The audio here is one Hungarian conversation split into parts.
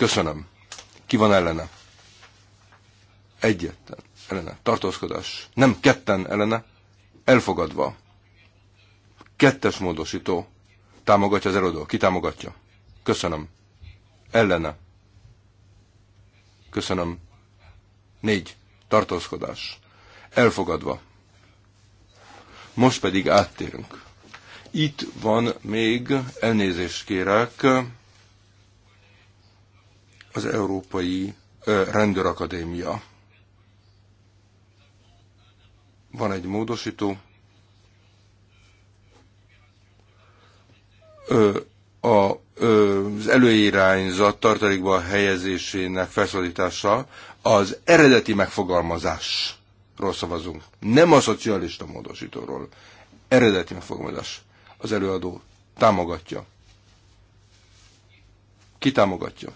Köszönöm. Ki van ellene? Egyetlen ellene. Tartózkodás. Nem ketten ellene. Elfogadva. Kettes módosító. Támogatja az erodó. Ki támogatja? Köszönöm. Ellene. Köszönöm. Négy. Tartózkodás. Elfogadva. Most pedig áttérünk. Itt van még, elnézést kérek, az Európai Rendőrakadémia. Van egy módosító. A az előirányzat tartalékba helyezésének felszólítása az eredeti megfogalmazásról szavazunk. Nem a szocialista módosítóról. Eredeti megfogalmazás. Az előadó támogatja. Ki támogatja?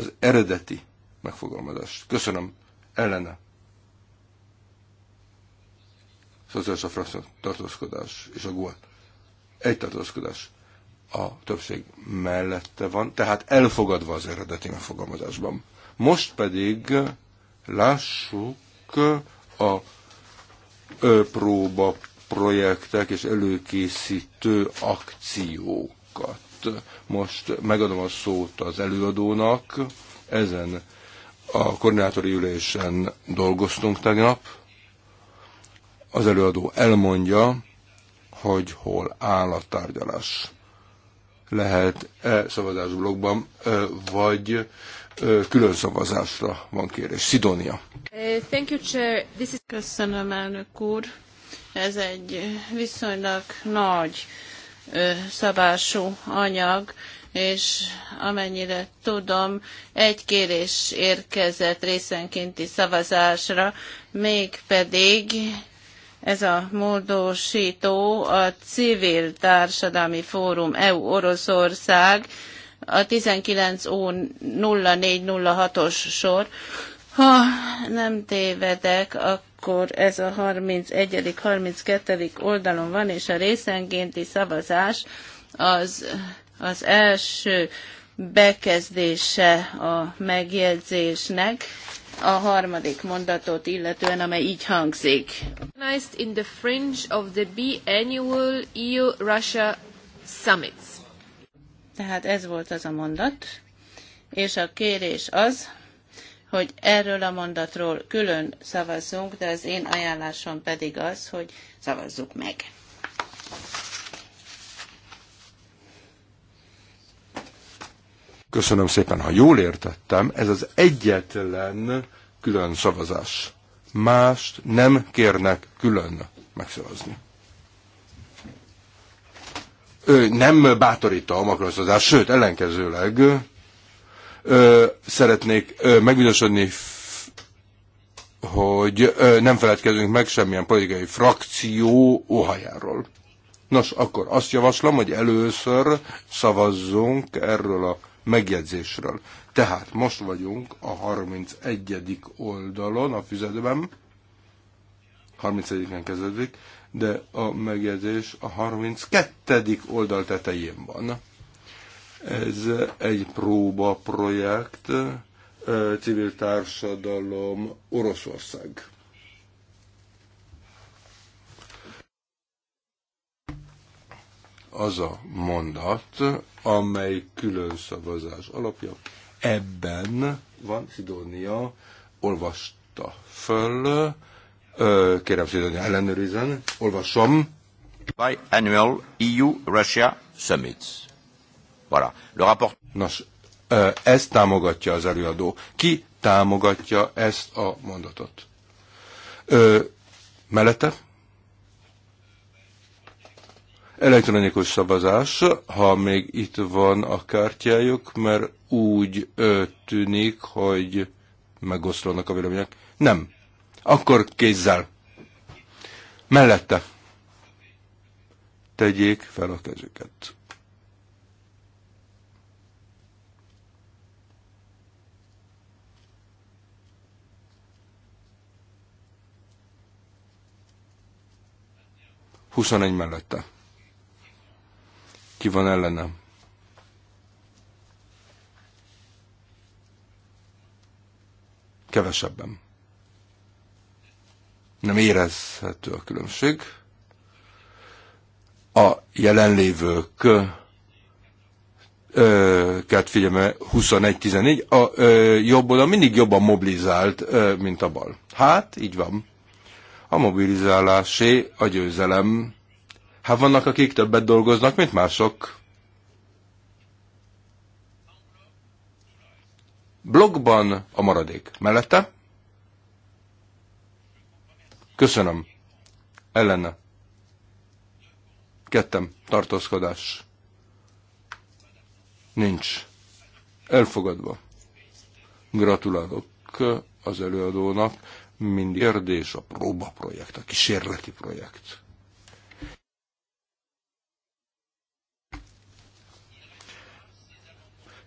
az eredeti megfogalmazást. Köszönöm. Ellene. Szociális a francia tartózkodás és a gól. Egy tartózkodás a többség mellette van, tehát elfogadva az eredeti megfogalmazásban. Most pedig lássuk a próba projektek és előkészítő akciókat. Most megadom a szót az előadónak. Ezen a koordinátori ülésen dolgoztunk tegnap. Az előadó elmondja, hogy hol áll a tárgyalás. Lehet-e szavazás blogban, vagy külön szavazásra van kérés. Sidonia. Thank you, Chair. This is... Köszönöm, elnök úr. Ez egy viszonylag nagy szabású anyag, és amennyire tudom, egy kérés érkezett részenkénti szavazásra, mégpedig ez a módosító a Civil Társadalmi Fórum EU Oroszország, a 19.04.06-os sor. Ha nem tévedek, akkor akkor ez a 31. 32. oldalon van, és a részenkénti szavazás az, az első bekezdése a megjegyzésnek, a harmadik mondatot illetően, amely így hangzik. In the fringe of the biannual EU-Russia summits. Tehát ez volt az a mondat, és a kérés az, hogy erről a mondatról külön szavazzunk, de az én ajánlásom pedig az, hogy szavazzuk meg. Köszönöm szépen, ha jól értettem, ez az egyetlen külön szavazás. Mást nem kérnek külön megszavazni. Ö, nem bátorítom a szavazást, sőt, ellenkezőleg ö, szeretnék ö, megbizosodni, hogy ö, nem feledkezünk meg semmilyen politikai frakció óhajáról. Nos, akkor azt javaslom, hogy először szavazzunk erről a megjegyzésről. Tehát most vagyunk a 31. oldalon a füzetben, 31-en kezdődik, de a megjegyzés a 32. oldal tetején van. Ez egy próba projekt, civil társadalom Oroszország. Az a mondat, amely külön szavazás alapja, ebben van Szidónia, olvasta föl, kérem Szidónia ellenőrizen, olvasom. Annual EU-Russia Summits. Voilà. Le rapport... Nos, ezt támogatja az előadó. Ki támogatja ezt a mondatot? Ö, mellette? Elektronikus szavazás, ha még itt van a kártyájuk, mert úgy ö, tűnik, hogy megoszlanak a vélemények. Nem. Akkor kézzel. Mellette. Tegyék fel a kezüket. 21 mellette. Ki van ellenem? Kevesebben. Nem érezhető a különbség. A jelenlévők ket figyelme 21-14, a ö, jobb oldal mindig jobban mobilizált, ö, mint a bal. Hát, így van. A mobilizálásé a győzelem. Hát vannak, akik többet dolgoznak, mint mások. Blogban a maradék. Mellette? Köszönöm. Ellene. Kettem. Tartózkodás. Nincs. Elfogadva. Gratulálok az előadónak, mind kérdés a próbaprojekt, a kísérleti projekt.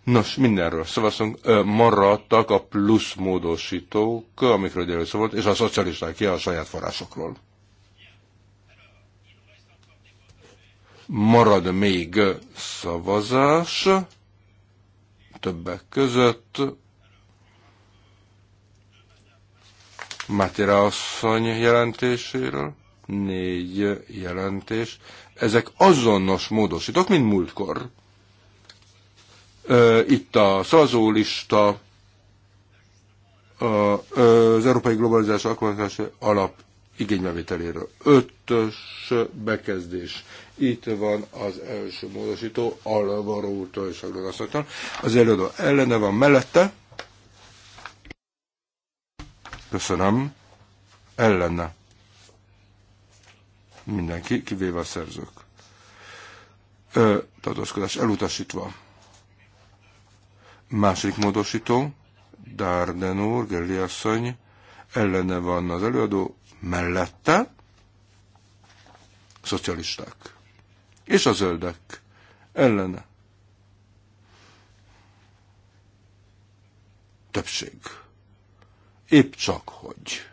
Nos, mindenről szavazunk. Maradtak a plusz módosítók, amikről délő szó volt, és a szocialisták ki a saját forrásokról. Marad még szavazás, többek között Matira asszony jelentéséről, négy jelentés. Ezek azonos módosítok, mint múltkor. Itt a szavazólista, az Európai Globalizás Alkalmazási Alap igénybevételéről. Ötös bekezdés. Itt van az első módosító, Alvaro azt és Az előadó ellene van mellette, Köszönöm. Ellene. Mindenki, kivéve a szerzők. Ö, tartózkodás elutasítva. Második módosító. Darden úr, Gerli asszony. Ellene van az előadó. Mellette. Szocialisták. És a zöldek. Ellene. Többség épp csak hogy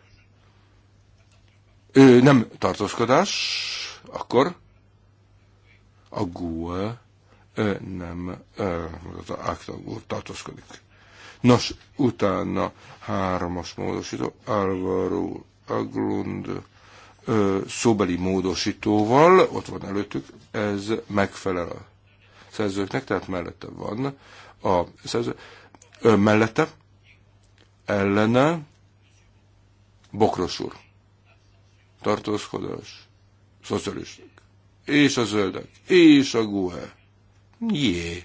Ő nem tartózkodás, akkor a GUE nem az áktag tartózkodik. Nos, utána hármas módosító, Álvaro Aglund ö, szóbeli módosítóval, ott van előttük, ez megfelel a szerzőknek, tehát mellette van a szerző, ö, mellette, ellene, Bokros úr. Tartózkodás. Szocialisták. És a zöldek. És a guhe. Jé.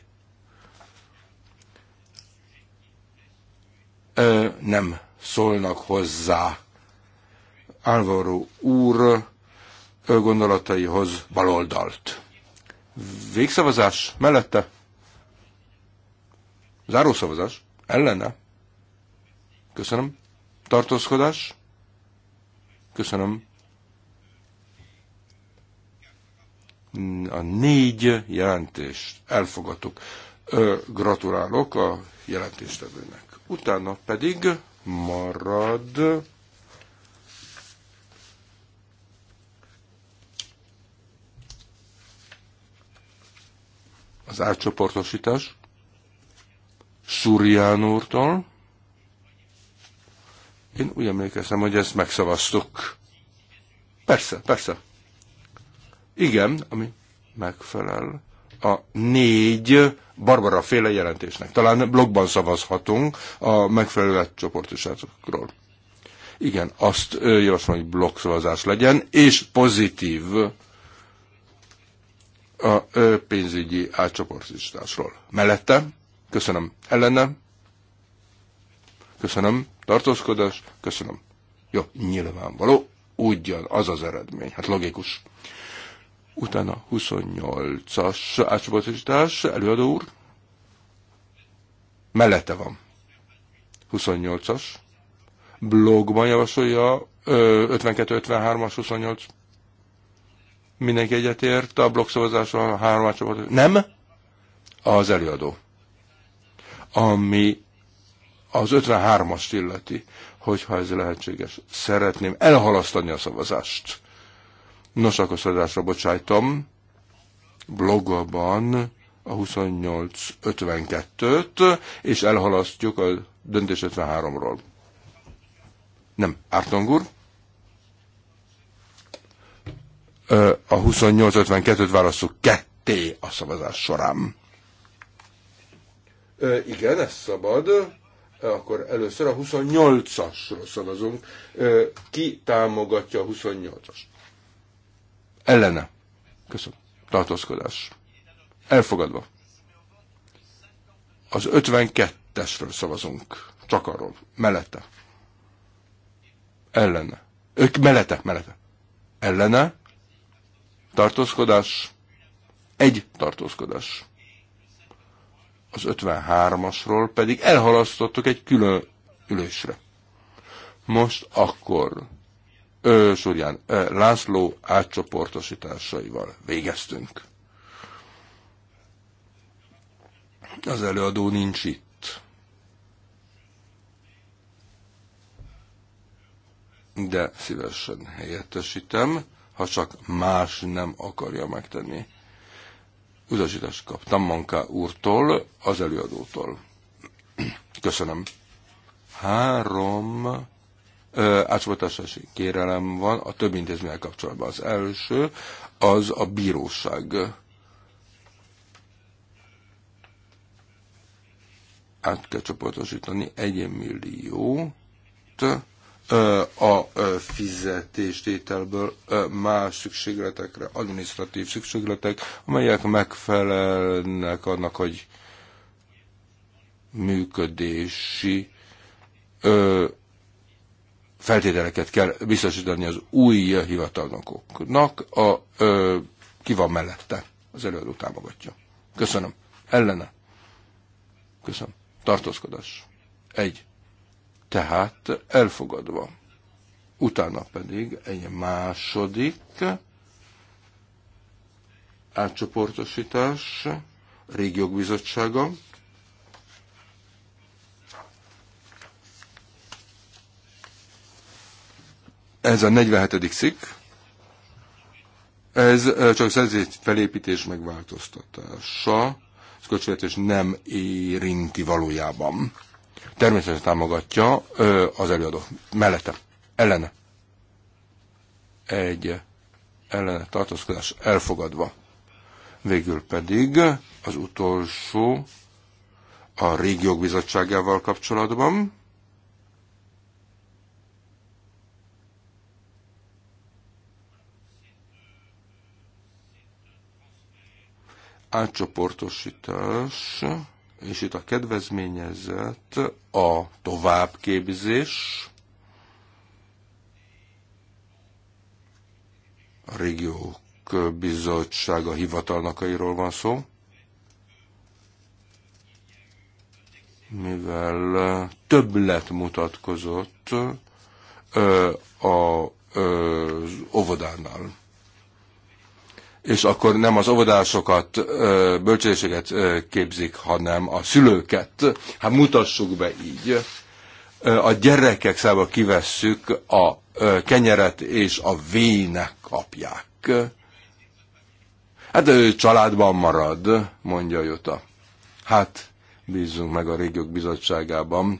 Ö, nem szólnak hozzá. álvaró úr gondolataihoz baloldalt. Végszavazás mellette. Zárószavazás ellene. Köszönöm. Tartózkodás. Köszönöm. A négy jelentést elfogadtuk. Gratulálok a jelentéstevőnek. Utána pedig marad az átcsoportosítás Szurián úrtól, én úgy emlékeztem, hogy ezt megszavaztuk. Persze, persze. Igen, ami megfelel a négy Barbara féle jelentésnek. Talán blogban szavazhatunk a megfelelő csoportosátokról. Igen, azt javaslom, hogy blogszavazás legyen, és pozitív a pénzügyi átcsoportosításról. Mellette, köszönöm, ellenem Köszönöm. Tartózkodás. Köszönöm. Jó, nyilvánvaló. Ugyan az az eredmény. Hát logikus. Utána 28-as átcsoportosítás. Előadó úr. Mellette van. 28-as. Blogban javasolja 52-53-as 28. Mindenki egyetért a blogszavazáson a három átcsoportosítás. Nem? Az előadó ami az 53-ast illeti, hogyha ez lehetséges. Szeretném elhalasztani a szavazást. Nos, akkor szavazásra bocsájtom. Blogban a 28.52-t, és elhalasztjuk a döntés 53-ról. Nem, Ártongur? A 28.52-t válaszok ketté a szavazás során. Ö, igen, ez szabad akkor először a 28-asról szavazunk. Ki támogatja a 28-as? Ellene. Köszönöm. Tartózkodás. Elfogadva. Az 52-esről szavazunk. Csak arról. Mellette. Ellene. Ők mellette, mellette. Ellene. Tartózkodás. Egy tartózkodás az 53-asról pedig elhalasztottuk egy külön ülésre. Most akkor ö, Súrján, ö, László átcsoportosításaival végeztünk. Az előadó nincs itt. De szívesen helyettesítem, ha csak más nem akarja megtenni. Utasítást kaptam Manka úrtól, az előadótól. Köszönöm. Három átcsoportosítási kérelem van a több intézménnyel kapcsolatban. Az első az a bíróság át kell csoportosítani egy milliót a fizetéstételből más szükségletekre, administratív szükségletek, amelyek megfelelnek annak, hogy működési feltételeket kell biztosítani az új hivatalnokoknak, a, ö, ki van mellette, az előadó támogatja. Köszönöm. Ellene. Köszönöm. Tartózkodás. Egy tehát elfogadva. Utána pedig egy második átcsoportosítás, régiók bizottsága, Ez a 47. szik, ez csak szerzét felépítés megváltoztatása, ez költségvetés nem érinti valójában természetesen támogatja az előadó. Mellette. Ellene. Egy ellene tartózkodás elfogadva. Végül pedig az utolsó a régiók bizottságával kapcsolatban. Átcsoportosítás és itt a kedvezményezett a továbbképzés, a régiók bizottsága hivatalnakairól van szó, mivel többlet mutatkozott a, az óvodánál és akkor nem az óvodásokat, bölcsészséget képzik, hanem a szülőket. Hát mutassuk be így. A gyerekek szába kivesszük a kenyeret és a vének kapják. Hát ő családban marad, mondja Jota. Hát bízunk meg a régiók bizottságában,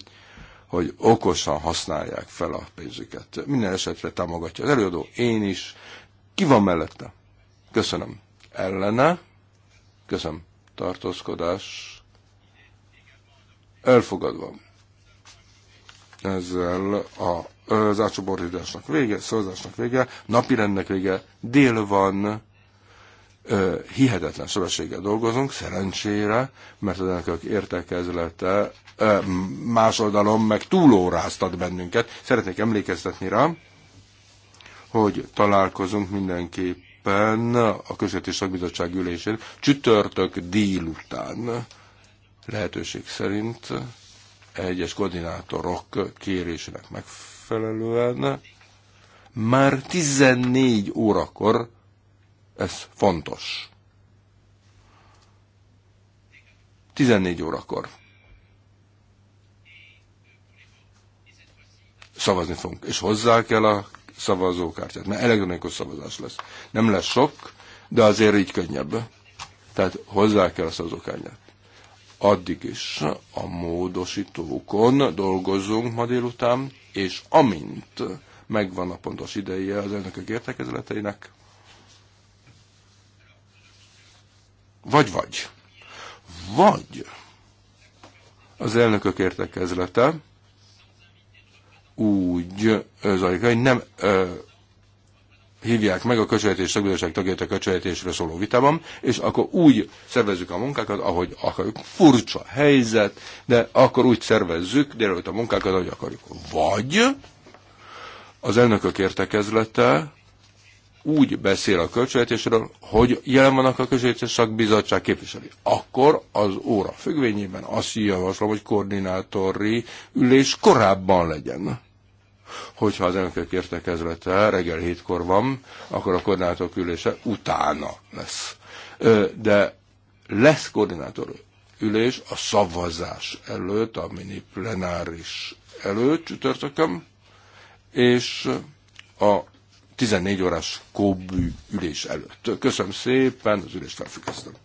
hogy okosan használják fel a pénzüket. Minden esetre támogatja az előadó, én is. Ki van mellette? Köszönöm. Ellene. Köszönöm. Tartózkodás. Elfogadva. Ezzel a az vége, szózásnak vége, napirendnek vége, dél van, ö, hihetetlen sebességgel dolgozunk, szerencsére, mert az elnökök értekezlete ö, más oldalon meg túlóráztat bennünket. Szeretnék emlékeztetni rá, hogy találkozunk mindenképp éppen a Közvetés Szakbizottság ülésén csütörtök délután lehetőség szerint egyes koordinátorok kérésének megfelelően már 14 órakor ez fontos. 14 órakor. Szavazni fogunk. És hozzá kell a szavazókártyát, mert elektronikus szavazás lesz. Nem lesz sok, de azért így könnyebb. Tehát hozzá kell a szavazókártyát. Addig is a módosítókon dolgozunk ma délután, és amint megvan a pontos ideje az elnökök értekezleteinek, vagy-vagy. Vagy az elnökök értekezlete, úgy zajlik, hogy nem ö, hívják meg a költségvetés szakbizottság tagjait a költségvetésről szóló vitában, és akkor úgy szervezzük a munkákat, ahogy akarjuk. Furcsa helyzet, de akkor úgy szervezzük délelőtt a munkákat, ahogy akarjuk. Vagy az elnökök értekezlete úgy beszél a költségvetésről, hogy jelen vannak a költségvetés szakbizottság képviselői. Akkor az óra függvényében azt javaslom, hogy koordinátori ülés korábban legyen hogyha az elnökök értekezlete reggel hétkor van, akkor a koordinátor ülése utána lesz. De lesz koordinátor ülés a szavazás előtt, a mini plenáris előtt csütörtökön, és a 14 órás kóbű ülés előtt. Köszönöm szépen, az ülést felfüggesztem.